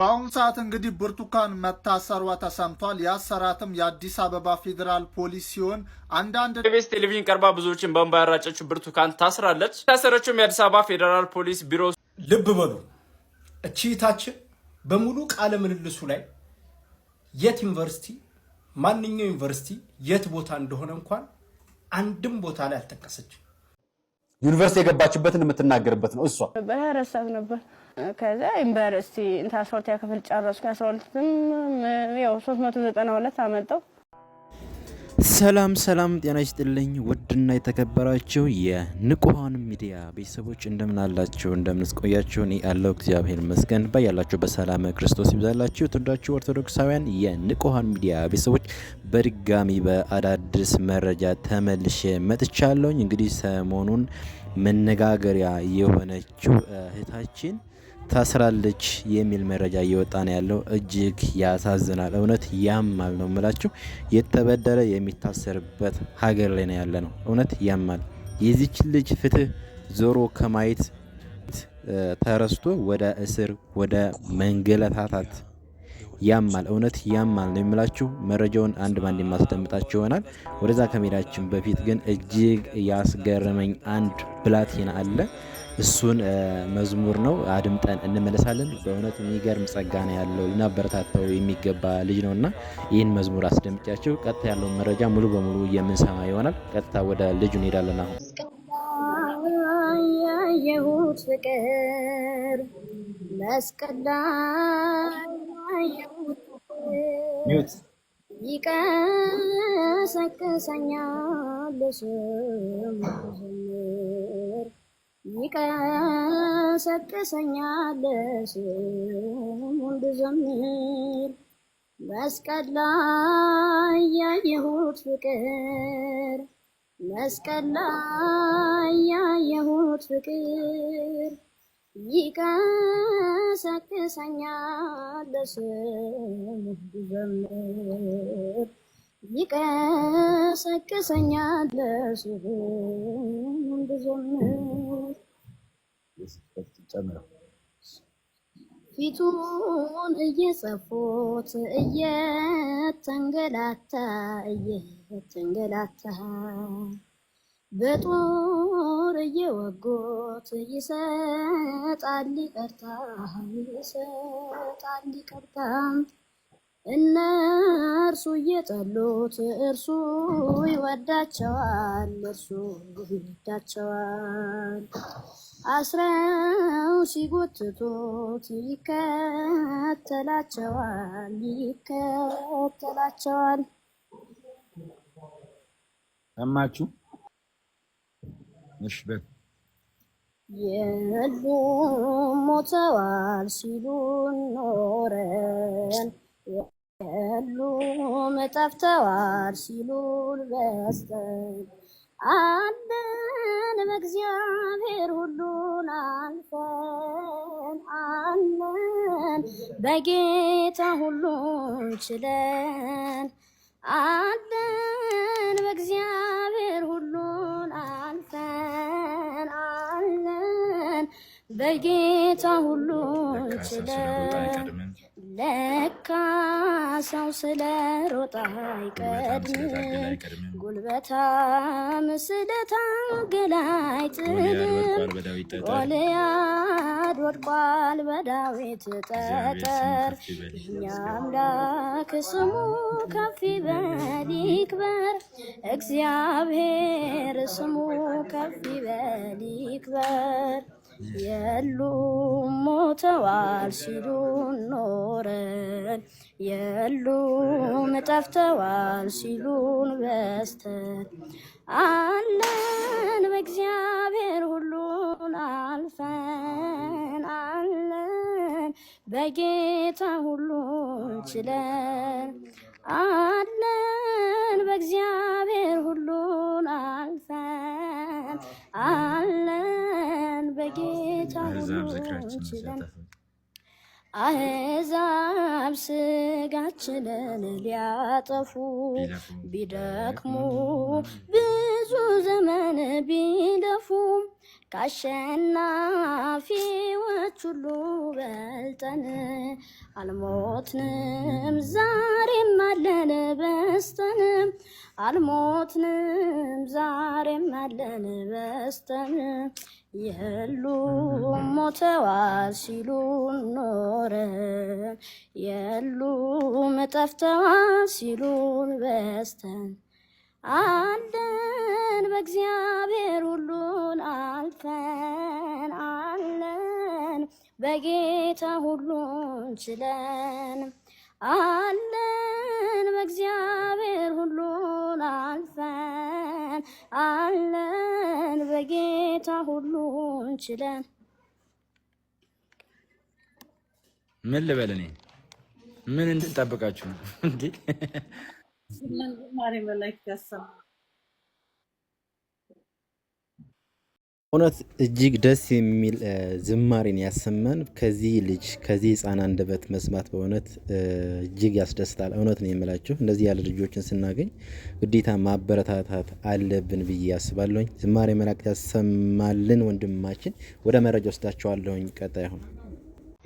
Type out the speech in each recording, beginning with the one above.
በአሁኑ ሰዓት እንግዲህ ብርቱካን መታሰሯ ተሰምቷል። ያሰራትም የአዲስ አበባ ፌዴራል ፖሊስ ሲሆን አንዳንድ ኢቢኤስ ቴሌቪዥን ቀርባ ብዙዎችን በእንባ ያራጨችው ብርቱካን ታስራለች። ታሰረችውም የአዲስ አበባ ፌዴራል ፖሊስ ቢሮ። ልብ በሉ እችይታችን በሙሉ ቃለ ምልልሱ ላይ የት ዩኒቨርሲቲ ማንኛው ዩኒቨርሲቲ የት ቦታ እንደሆነ እንኳን አንድም ቦታ ላይ አልጠቀሰችም። ዩኒቨርሲቲ የገባችበትን የምትናገርበት ነው። እሷ በረሰብ ነበር። ከዚያ ዩኒቨርሲቲ አስራ ሁለተኛ ክፍል ጨረስኩ። አስራ ሁለትም ያው ሶስት መቶ ዘጠና ሁለት አመጣው ሰላም ሰላም፣ ጤና ይስጥልኝ ውድና የተከበራችሁ የንቁሃን ሚዲያ ቤተሰቦች እንደምን አላችሁ? እንደምንስቆያችሁ እኔ ያለው እግዚአብሔር ይመስገን። ባያላችሁ በሰላም ክርስቶስ ይብዛላችሁ። ትወዳችሁ ኦርቶዶክሳውያን የንቁሃን ሚዲያ ቤተሰቦች በድጋሚ በአዳዲስ መረጃ ተመልሼ መጥቻለሁኝ። እንግዲህ ሰሞኑን መነጋገሪያ የሆነችው እህታችን ታስራለች የሚል መረጃ እየወጣ ነው ያለው። እጅግ ያሳዝናል። እውነት ያማል ነው የምላችሁ። የተበደረ የሚታሰርበት ሀገር ላይ ነው ያለ ነው። እውነት ያማል። የዚች ልጅ ፍትህ ዞሮ ከማየት ተረስቶ ወደ እስር ወደ መንገለታታት ያማል። እውነት ያማል ነው የሚላችሁ። መረጃውን አንድ ባንድ የማስደምጣችሁ ይሆናል። ወደዛ ከመሄዳችን በፊት ግን እጅግ ያስገረመኝ አንድ ብላቴና አለ እሱን መዝሙር ነው አድምጠን እንመለሳለን። በእውነት የሚገርም ጸጋ ነው ያለው ልናበረታተው የሚገባ ልጅ ነው እና ይህን መዝሙር አስደምጫቸው ቀጥታ ያለውን መረጃ ሙሉ በሙሉ የምንሰማ ይሆናል። ቀጥታ ወደ ልጁ እንሄዳለን። አሁን ያየሁት ፍቅር መስቀል ይቀሰቅሰኛል ስም ይቀሰቅሰኛል ስሙን ብዘምር መስቀል ላይ ያየሁት ፍቅር መስቀል ላይ ያየሁት ፍቅር ይቀሰቅሰኛል ስሙን ብዘምር ይቀሰቅሰኛል ስሙን ብዘምር ጨምረው ፊቱን እየጸፉት እየተንገላታ እየተንገላታ በጦር እየወጎት ይሰጣል ይቅርታ ይሰጣል ይቅርታ እና እርሱ እየጠሉት እርሱ ይወዳቸዋል፣ እርሱ ይወዳቸዋል። አስረው ሲጎትቱት ይከተላቸዋል፣ ይከተላቸዋል። ሰማችሁ? እሺ የሉም ሞተዋል ሲሉን ኖረን ያሉ መጠፍተዋል ሲሉን በስተል አለን በእግዚአብሔር ሁሉን አልፈን አለን በጌታ ሁሉን ችለን አለን በእግዚአብሔር ሁሉን አልፈን አለን በጌታ ሁሉን ችለን ለካ ሰው ስለ ሮጣ አይቀድም፣ ጉልበታም ስለ ታገለ አይጥልም። ጎልያድ ወድቋል በዳዊት ጠጠር፣ የእኛ አምላክ ስሙ ከፍ ይበል ይክበር። እግዚአብሔር ስሙ ከፍ ይበል ይክበር። የሉም ሞተዋል ሲሉ ኖረን የሉም ጠፍተዋል ሲሉን በስተን አለን በእግዚአብሔር ሁሉን አልፈን አለን በጌታ ሁሉን ችለን አለን በእግዚአብሔር ሁሉን አልፈን በጌታ ሁሉን ችለን አሕዛብ ስጋችንን ሊያጠፉ ቢደክሙ ብዙ ዘመን ቢለፉ ከአሸናፊዎች ሁሉ በልጠን አልሞትንም፣ ዛሬም አለን በስተን አልሞትንም፣ ዛሬም አለን በስተን የሉ ሞተዋል ሲሉ ኖረን የሉ መጠፍተዋል ሲሉ በስተን አለን በእግዚአብሔር ሁሉን አልፈን አለን በጌታ ሁሉን ችለን አለን በእግዚአብሔር ሁሉን አልፈን አለን ችለን በጌታ ሁሉ ችለን። ምን ልበል እኔ ምን እንድንጠብቃችሁ እንዴ? እውነት እጅግ ደስ የሚል ዝማሬን ያሰማን ከዚህ ልጅ ከዚህ ህፃን አንደበት መስማት በእውነት እጅግ ያስደስታል። እውነት ነው የምላችሁ እንደዚህ ያለ ልጆችን ስናገኝ ግዴታ ማበረታታት አለብን ብዬ አስባለሁኝ። ዝማሬ መላእክት ያሰማልን ወንድማችን። ወደ መረጃ ወስዳችኋለሁኝ። ቀጣይ አሁን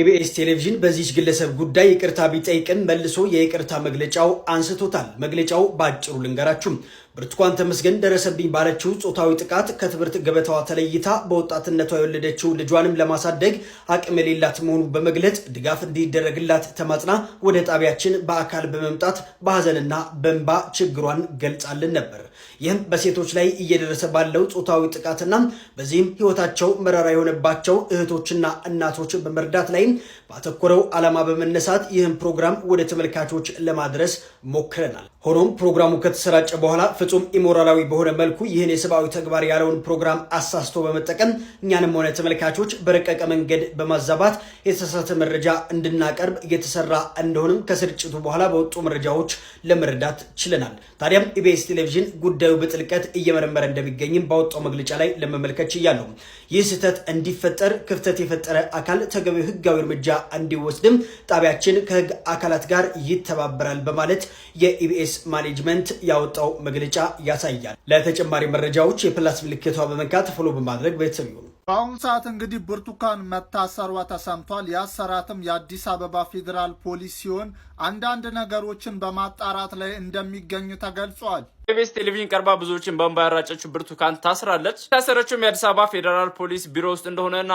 ኢቢኤስ ቴሌቪዥን በዚች ግለሰብ ጉዳይ ይቅርታ ቢጠይቅን መልሶ የይቅርታ መግለጫው አንስቶታል። መግለጫው በአጭሩ ልንገራችሁም ብርቱካን ተመስገን ደረሰብኝ ባለችው ጾታዊ ጥቃት ከትምህርት ገበታዋ ተለይታ በወጣትነቷ የወለደችው ልጇንም ለማሳደግ አቅም የሌላት መሆኑ በመግለጽ ድጋፍ እንዲደረግላት ተማጽና ወደ ጣቢያችን በአካል በመምጣት በሐዘንና በንባ ችግሯን ገልጻልን ነበር። ይህም በሴቶች ላይ እየደረሰ ባለው ጾታዊ ጥቃትና በዚህም ሕይወታቸው መራራ የሆነባቸው እህቶችና እናቶች በመርዳት ላይ ባተኮረው ዓላማ በመነሳት ይህም ፕሮግራም ወደ ተመልካቾች ለማድረስ ሞክረናል። ሆኖም ፕሮግራሙ ከተሰራጨ በኋላ ፍጹም ኢሞራላዊ በሆነ መልኩ ይህን የሰብአዊ ተግባር ያለውን ፕሮግራም አሳስቶ በመጠቀም እኛንም ሆነ ተመልካቾች በረቀቀ መንገድ በማዛባት የተሳሳተ መረጃ እንድናቀርብ እየተሰራ እንደሆነም ከስርጭቱ በኋላ በወጡ መረጃዎች ለመረዳት ችለናል። ታዲያም ኢቢኤስ ቴሌቪዥን ጉዳዩ በጥልቀት እየመረመረ እንደሚገኝም ባወጣው መግለጫ ላይ ለመመልከት ችያለሁ። ይህ ስህተት እንዲፈጠር ክፍተት የፈጠረ አካል ተገቢው ህጋዊ እርምጃ እንዲወስድም ጣቢያችን ከህግ አካላት ጋር ይተባበራል በማለት የኢቢኤስ ማኔጅመንት ያወጣው መግለጫ ያሳያል። ለተጨማሪ መረጃዎች የፕላስ ምልክቷ በመንካት ፎሎ በማድረግ ቤተሰብ ይሁኑ። በአሁኑ ሰዓት እንግዲህ ብርቱካን መታሰሯ ተሰምቷል። ያሰራትም የአዲስ አበባ ፌዴራል ፖሊስ ሲሆን አንዳንድ ነገሮችን በማጣራት ላይ እንደሚገኙ ተገልጿል። ኢቢኤስ ቴሌቪዥን ቀርባ ብዙዎችን በእንባ ያራጨችው ብርቱካን ታስራለች። ታሰረችውም የአዲስ አበባ ፌዴራል ፖሊስ ቢሮ ውስጥ እንደሆነና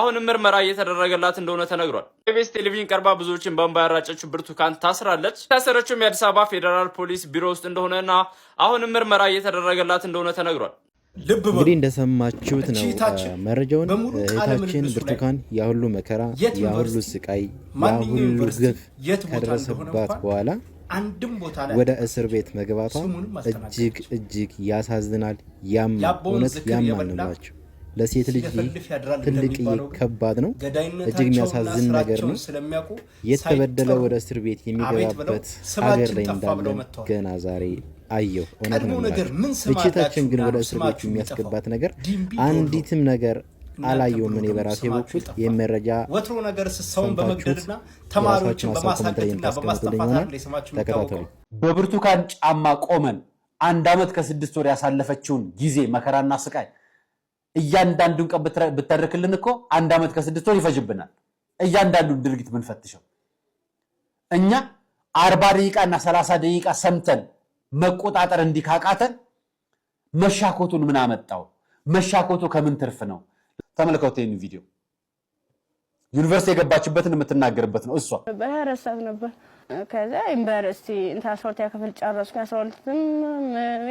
አሁንም ምርመራ እየተደረገላት እንደሆነ ተነግሯል። ኢቢኤስ ቴሌቪዥን ቀርባ ብዙዎችን በእንባ ያራጨችው ብርቱካን ታስራለች። ታሰረችውም የአዲስ አበባ ፌዴራል ፖሊስ ቢሮ ውስጥ እንደሆነና አሁንም ምርመራ እየተደረገላት እንደሆነ ተነግሯል። እንግዲህ እንደሰማችሁት ነው መረጃውን። እህታችን ብርቱካን ያሁሉ መከራ፣ ያሁሉ ስቃይ፣ ያሁሉ ግፍ ከደረሰባት በኋላ ወደ እስር ቤት መግባቷ እጅግ እጅግ ያሳዝናል፣ ያማል፣ እውነት ያማል ለሴት ልጅ ትልቅ ከባድ ነው፣ እጅግ የሚያሳዝን ነገር ነው። የተበደለ ወደ እስር ቤት የሚገባበት ሀገር ላይ እንዳለን ገና ዛሬ አየሁ። ትችታችን ግን ወደ እስር ቤቱ የሚያስገባት ነገር አንዲትም ነገር አላየውም። እኔ በራሴ በኩል ይህ መረጃ ወትሮ ነገር ሰውን በመግደልና ተማሪዎችን በማሳገትና በማስጠፋት ተከታተሉ። በብርቱካን ጫማ ቆመን አንድ ዓመት ከስድስት ወር ያሳለፈችውን ጊዜ መከራና ስቃይ እያንዳንዱን ቀን ብተርክልን እኮ አንድ ዓመት ከስድስት ወር ይፈጅብናል። እያንዳንዱን ድርጊት ምንፈትሸው እኛ አርባ ደቂቃ እና ሰላሳ ደቂቃ ሰምተን መቆጣጠር እንዲካቃተን መሻኮቱን ምን አመጣው? መሻኮቱ ከምን ትርፍ ነው? ተመልከቱ ይህን ቪዲዮ። ዩኒቨርሲቲ የገባችበትን የምትናገርበት ነው እሷ። በረሳት ነበር። ከዚያ ዩኒቨርሲቲ አስራ ሁለተኛ ክፍል ጨረስኩ። አስራ ሁለትም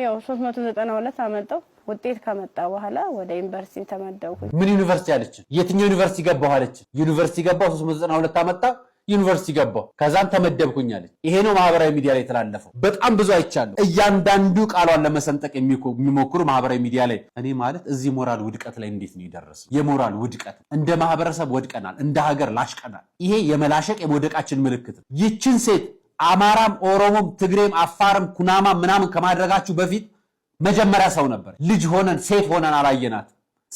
ያው ሶስት መቶ ዘጠና ሁለት አመጣው ውጤት ከመጣ በኋላ ወደ ዩኒቨርሲቲ ተመደብኩ። ምን ዩኒቨርሲቲ አለችን? የትኛው ዩኒቨርሲቲ ገባሁ አለችን? ዩኒቨርሲቲ ገባሁ ሶስት መቶ ዘጠና ሁለት አመጣ ዩኒቨርሲቲ ገባው ከዛም ተመደብኩኝ አለች። ይሄ ነው ማህበራዊ ሚዲያ ላይ የተላለፈው። በጣም ብዙ አይቻለሁ። እያንዳንዱ ቃሏን ለመሰንጠቅ የሚሞክሩ ማህበራዊ ሚዲያ ላይ እኔ ማለት እዚህ ሞራል ውድቀት ላይ እንዴት ነው የደረስነው? የሞራል ውድቀት እንደ ማህበረሰብ ወድቀናል፣ እንደ ሀገር ላሽቀናል። ይሄ የመላሸቅ የመውደቃችን ምልክት ነው። ይችን ሴት አማራም፣ ኦሮሞም፣ ትግሬም፣ አፋርም፣ ኩናማ ምናምን ከማድረጋችሁ በፊት መጀመሪያ ሰው ነበር። ልጅ ሆነን ሴት ሆነን አላየናት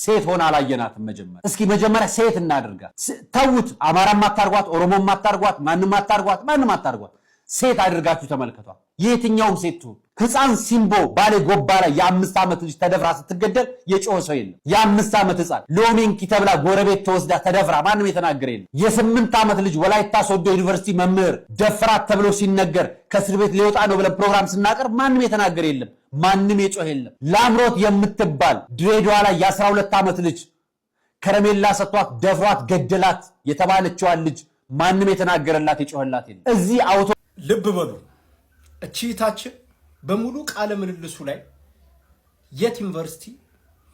ሴት ሆና አላየናትም። መጀመር እስኪ መጀመሪያ ሴት እናድርጋት። ተዉት። አማራም ማታርጓት፣ ኦሮሞም ማታርጓት፣ ማንም ማታርጓት፣ ማንም ማታርጓት፣ ሴት አድርጋችሁ ተመልከቷል። የትኛውም ሴት ትሁን ህፃን ሲምቦ ባሌ ጎባ ላይ የአምስት ዓመት ልጅ ተደፍራ ስትገደል የጮኸ ሰው የለም። የአምስት ዓመት ህፃን ሎሜንኪ ተብላ ጎረቤት ተወስዳ ተደፍራ ማንም የተናገረ የለም። የስምንት ዓመት ልጅ ወላይታ ሶዶ ዩኒቨርሲቲ መምህር ደፍራት ተብሎ ሲነገር ከእስር ቤት ሊወጣ ነው ብለን ፕሮግራም ስናቀርብ ማንም የተናገረ የለም። ማንም የጮኸ የለም። ላምሮት የምትባል ድሬዳዋ ላይ የአስራ ሁለት ዓመት ልጅ ከረሜላ ሰጥቷት ደፍሯት ገደላት የተባለችዋን ልጅ ማንም የተናገረላት የጮኸላት የለም። እዚህ አውቶ ልብ በሉ እቺታችን በሙሉ ቃለ ምልልሱ ላይ የት ዩኒቨርሲቲ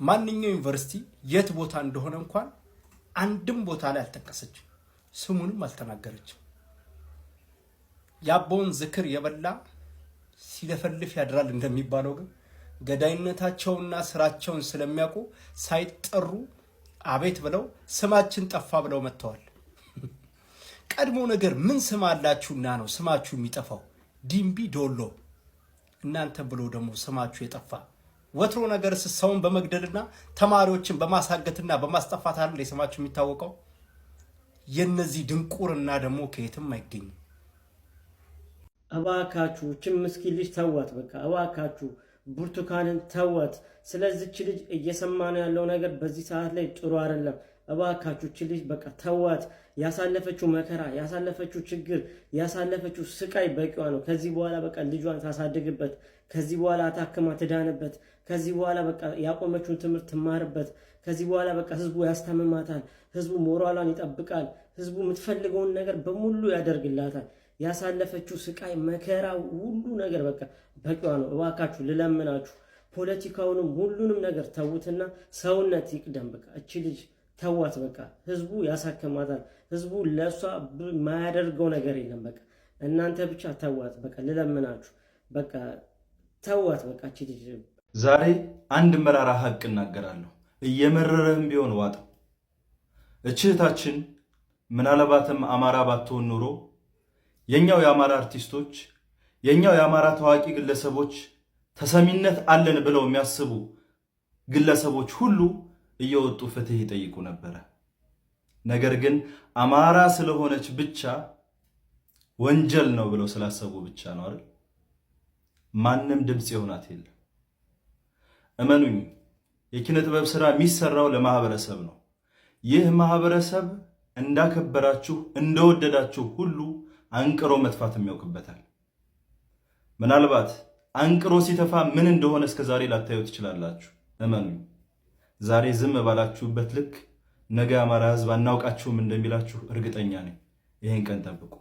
ማንኛው ዩኒቨርሲቲ የት ቦታ እንደሆነ እንኳን አንድም ቦታ ላይ አልጠቀሰችም፣ ስሙንም አልተናገረችም። የአባውን ዝክር የበላ ሲለፈልፍ ያድራል እንደሚባለው ግን ገዳይነታቸውና ስራቸውን ስለሚያውቁ ሳይጠሩ አቤት ብለው ስማችን ጠፋ ብለው መጥተዋል። ቀድሞ ነገር ምን ስም አላችሁና ነው ስማችሁ የሚጠፋው? ዲምቢ ዶሎ እናንተ ብሎ ደግሞ ስማችሁ የጠፋ ወትሮ ነገርስ ሰውን በመግደልና ተማሪዎችን በማሳገትና በማስጠፋት አለ ስማችሁ የሚታወቀው። የነዚህ ድንቁርና ደግሞ ከየትም አይገኝም። እባካችሁ ችም ምስኪን ልጅ ተዋት፣ በቃ እባካችሁ ብርቱካንን ተዋት። ስለዚች ልጅ እየሰማነው ያለው ነገር በዚህ ሰዓት ላይ ጥሩ አይደለም። እባካችሁ ልጅ በቃ ተዋት። ያሳለፈችው መከራ፣ ያሳለፈችው ችግር፣ ያሳለፈችው ስቃይ በቂዋ ነው። ከዚህ በኋላ በቃ ልጇን ታሳድግበት፣ ከዚህ በኋላ አታክማ ትዳንበት፣ ከዚህ በኋላ በቃ ያቆመችውን ትምህርት ትማርበት። ከዚህ በኋላ በቃ ህዝቡ ያስተምማታል፣ ህዝቡ ሞራሏን ይጠብቃል፣ ህዝቡ የምትፈልገውን ነገር በሙሉ ያደርግላታል። ያሳለፈችው ስቃይ መከራ፣ ሁሉ ነገር በቃ በቂዋ ነው። እባካችሁ ልለምናችሁ፣ ፖለቲካውንም ሁሉንም ነገር ተዉትና ሰውነት ይቅደም። በቃ እቺ ልጅ ተዋት በቃ ህዝቡ ያሳክማታል። ህዝቡ ለእሷ የማያደርገው ነገር የለም። በቃ እናንተ ብቻ ተዋት በቃ ልለምናችሁ፣ በቃ ተዋት በቃ። ዛሬ አንድ መራራ ሀቅ እናገራለሁ። እየመረረህም ቢሆን ዋጠው። እችህታችን ምናልባትም አማራ ባትሆን ኑሮ የኛው የአማራ አርቲስቶች፣ የኛው የአማራ ታዋቂ ግለሰቦች፣ ተሰሚነት አለን ብለው የሚያስቡ ግለሰቦች ሁሉ እየወጡ ፍትህ ይጠይቁ ነበረ። ነገር ግን አማራ ስለሆነች ብቻ ወንጀል ነው ብለው ስላሰቡ ብቻ ነው አይደል? ማንም ድምፅ የሆናት የለም። እመኑኝ፣ የኪነ ጥበብ ስራ የሚሰራው ለማህበረሰብ ነው። ይህ ማህበረሰብ እንዳከበራችሁ እንደወደዳችሁ ሁሉ አንቅሮ መጥፋት ያውቅበታል። ምናልባት አንቅሮ ሲተፋ ምን እንደሆነ እስከዛሬ ላታዩ ትችላላችሁ። እመኑኝ። ዛሬ ዝም ባላችሁበት ልክ ነገ አማራ ህዝብ አናውቃችሁም እንደሚላችሁ እርግጠኛ ነኝ። ይህን ቀን ጠብቁ።